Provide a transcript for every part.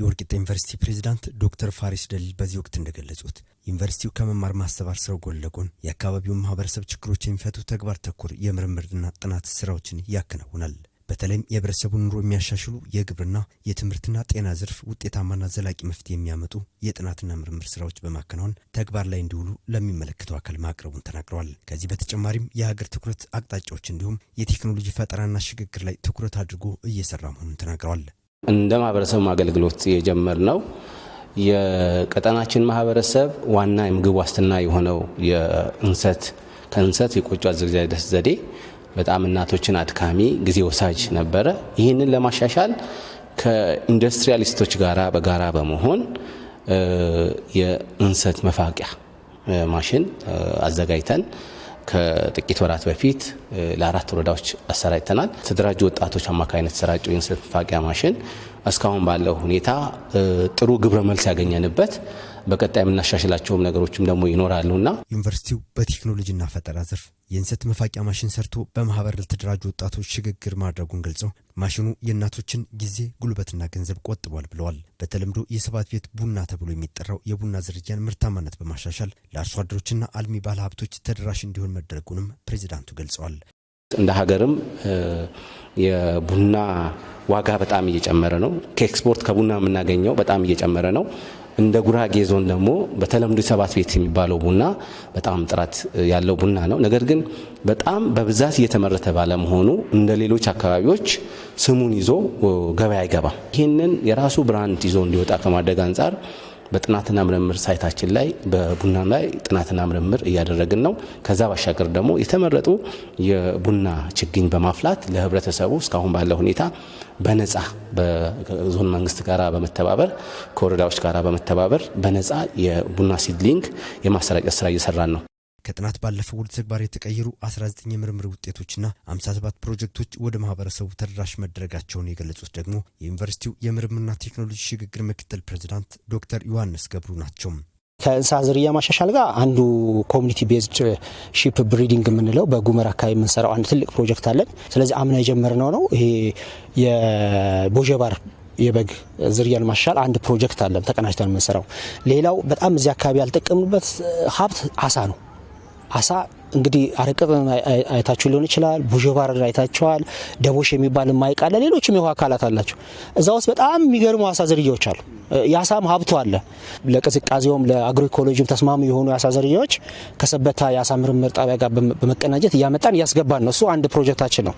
የወልቂጤ ዩኒቨርሲቲ ፕሬዚዳንት ዶክተር ፋሪስ ደሊል በዚህ ወቅት እንደገለጹት ዩኒቨርሲቲው ከመማር ማስተማር ስራው ጎን ለጎን የአካባቢውን ማህበረሰብ ችግሮች የሚፈቱ ተግባር ተኮር የምርምርና ጥናት ስራዎችን ያከናውናል። በተለይም የህብረተሰቡን ኑሮ የሚያሻሽሉ የግብርና የትምህርትና ጤና ዘርፍ ውጤታማና ዘላቂ መፍትሄ የሚያመጡ የጥናትና ምርምር ስራዎች በማከናወን ተግባር ላይ እንዲውሉ ለሚመለከተው አካል ማቅረቡን ተናግረዋል። ከዚህ በተጨማሪም የሀገር ትኩረት አቅጣጫዎች እንዲሁም የቴክኖሎጂ ፈጠራና ሽግግር ላይ ትኩረት አድርጎ እየሰራ መሆኑን ተናግረዋል። እንደ ማህበረሰብ አገልግሎት የጀመር ነው። የቀጠናችን ማህበረሰብ ዋና የምግብ ዋስትና የሆነው የእንሰት ከእንሰት የቆጮ አዘገጃጀት ዘዴ በጣም እናቶችን አድካሚ ጊዜ ወሳጅ ነበረ። ይህንን ለማሻሻል ከኢንዱስትሪያሊስቶች ጋራ በጋራ በመሆን የእንሰት መፋቂያ ማሽን አዘጋጅተን ከጥቂት ወራት በፊት ለአራት ወረዳዎች አሰራጭተናል። ተደራጁ ወጣቶች አማካኝነት የተሰራጨ የእንስሳት መፋቂያ ማሽን እስካሁን ባለው ሁኔታ ጥሩ ግብረ መልስ ያገኘንበት በቀጣይ የምናሻሽላቸውም ነገሮችም ደግሞ ይኖራሉና ዩኒቨርሲቲው በቴክኖሎጂና ፈጠራ ዘርፍ የእንሰት መፋቂያ ማሽን ሰርቶ በማህበር ለተደራጁ ወጣቶች ሽግግር ማድረጉን ገልጸው ማሽኑ የእናቶችን ጊዜ ጉልበትና ገንዘብ ቆጥቧል ብለዋል። በተለምዶ የሰባት ቤት ቡና ተብሎ የሚጠራው የቡና ዝርያን ምርታማነት በማሻሻል ለአርሶ አደሮችና አልሚ ባለሀብቶች ተደራሽ እንዲሆን መደረጉንም ፕሬዚዳንቱ ገልጸዋል። እንደ ሀገርም የቡና ዋጋ በጣም እየጨመረ ነው። ከኤክስፖርት ከቡና የምናገኘው በጣም እየጨመረ ነው። እንደ ጉራጌ ዞን ደግሞ በተለምዶ ሰባት ቤት የሚባለው ቡና በጣም ጥራት ያለው ቡና ነው። ነገር ግን በጣም በብዛት እየተመረተ ባለመሆኑ እንደ ሌሎች አካባቢዎች ስሙን ይዞ ገበያ አይገባም። ይህንን የራሱ ብራንድ ይዞ እንዲወጣ ከማድረግ አንጻር በጥናትና ምርምር ሳይታችን ላይ በቡና ላይ ጥናትና ምርምር እያደረግን ነው። ከዛ ባሻገር ደግሞ የተመረጡ የቡና ችግኝ በማፍላት ለህብረተሰቡ እስካሁን ባለ ሁኔታ በነፃ በዞን መንግስት ጋራ በመተባበር ከወረዳዎች ጋራ በመተባበር በነፃ የቡና ሲድሊንግ የማሰራጨት ስራ እየሰራን ነው። ከጥናት ባለፈው ወደ ተግባር የተቀየሩ 19 የምርምር ውጤቶችና 57 ፕሮጀክቶች ወደ ማህበረሰቡ ተደራሽ መደረጋቸውን የገለጹት ደግሞ የዩኒቨርሲቲው የምርምርና ቴክኖሎጂ ሽግግር ምክትል ፕሬዚዳንት ዶክተር ዮሐንስ ገብሩ ናቸው። ከእንስሳ ዝርያ ማሻሻል ጋር አንዱ ኮሚኒቲ ቤዝድ ሺፕ ብሪዲንግ የምንለው በጉመር አካባቢ የምንሰራው አንድ ትልቅ ፕሮጀክት አለን። ስለዚህ አምና የጀመርነው ነው ይሄ የቦጀባር የበግ ዝርያን ማሻሻል አንድ ፕሮጀክት አለን ተቀናጅተን የምንሰራው። ሌላው በጣም እዚህ አካባቢ ያልጠቀምንበት ሀብት አሳ ነው። አሳ እንግዲህ አረቀበ አይታችሁ ሊሆን ይችላል። ቡዥ አይታችኋል። ደቦሽ የሚባል ማይቃለ ሌሎችም የውሃ አካላት አላቸው። እዛ ውስጥ በጣም የሚገርሙ አሳ ዝርያዎች አሉ። የአሳም ሀብቶ አለ። ለቅዝቃዜውም ለአግሮኢኮሎጂም ተስማሚ የሆኑ የአሳ ዝርያዎች ከሰበታ የአሳ ምርምር ጣቢያ ጋር በመቀናጀት እያመጣን እያስገባን ነው። እሱ አንድ ፕሮጀክታችን ነው።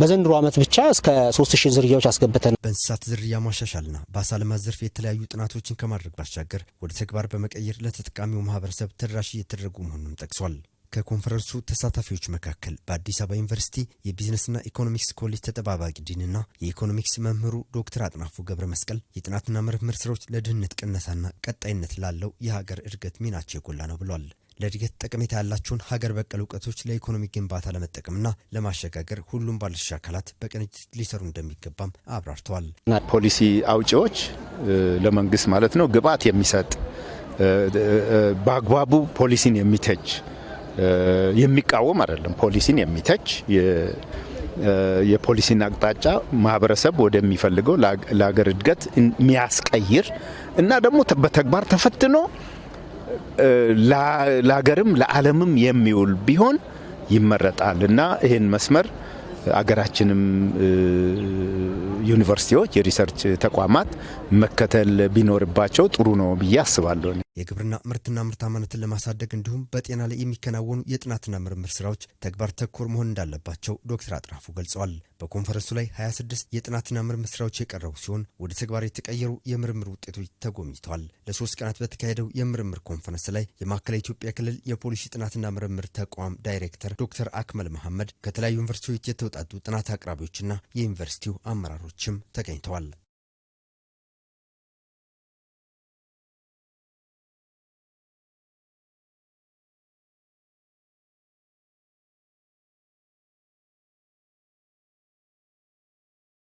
በዘንድሮ ዓመት ብቻ እስከ 3000 ዝርያዎች አስገብተናል። በእንስሳት ዝርያ ማሻሻልና በአሳ ልማት ዘርፍ የተለያዩ ጥናቶችን ከማድረግ ባሻገር ወደ ተግባር በመቀየር ለተጠቃሚው ማህበረሰብ ተደራሽ እየተደረጉ መሆኑን ጠቅሷል። ከኮንፈረንሱ ተሳታፊዎች መካከል በአዲስ አበባ ዩኒቨርሲቲ የቢዝነስና ኢኮኖሚክስ ኮሌጅ ተጠባባቂ ዲንና የኢኮኖሚክስ መምህሩ ዶክተር አጥናፉ ገብረ መስቀል የጥናትና ምርምር ስራዎች ለድህነት ቅነሳና ቀጣይነት ላለው የሀገር እድገት ሚናቸው የጎላ ነው ብሏል። ለእድገት ጠቀሜታ ያላቸውን ሀገር በቀል እውቀቶች ለኢኮኖሚ ግንባታ ለመጠቀምና ለማሸጋገር ሁሉም ባለድርሻ አካላት በቅንጅት ሊሰሩ እንደሚገባም አብራርተዋል። ፖሊሲ አውጪዎች ለመንግስት ማለት ነው ግብዓት የሚሰጥ በአግባቡ ፖሊሲን የሚተች የሚቃወም አይደለም። ፖሊሲን የሚተች የፖሊሲን አቅጣጫ ማህበረሰብ ወደሚፈልገው ለሀገር እድገት የሚያስቀይር እና ደግሞ በተግባር ተፈትኖ ለሀገርም ለዓለምም የሚውል ቢሆን ይመረጣል እና ይህን መስመር አገራችንም ዩኒቨርሲቲዎች፣ የሪሰርች ተቋማት መከተል ቢኖርባቸው ጥሩ ነው ብዬ አስባለሁ። የግብርና ምርትና ምርታማነትን ለማሳደግ እንዲሁም በጤና ላይ የሚከናወኑ የጥናትና ምርምር ስራዎች ተግባር ተኮር መሆን እንዳለባቸው ዶክተር አጥናፉ ገልጸዋል። በኮንፈረንሱ ላይ 26 የጥናትና ምርምር ስራዎች የቀረቡ ሲሆን ወደ ተግባር የተቀየሩ የምርምር ውጤቶች ተጎብኝተዋል። ለሶስት ቀናት በተካሄደው የምርምር ኮንፈረንስ ላይ የማዕከላዊ ኢትዮጵያ ክልል የፖሊሲ ጥናትና ምርምር ተቋም ዳይሬክተር ዶክተር አክመል መሐመድ ከተለያዩ ዩኒቨርሲቲዎች የተውጣጡ ጥናት አቅራቢዎችና የዩኒቨርሲቲው አመራሮችም ተገኝተዋል።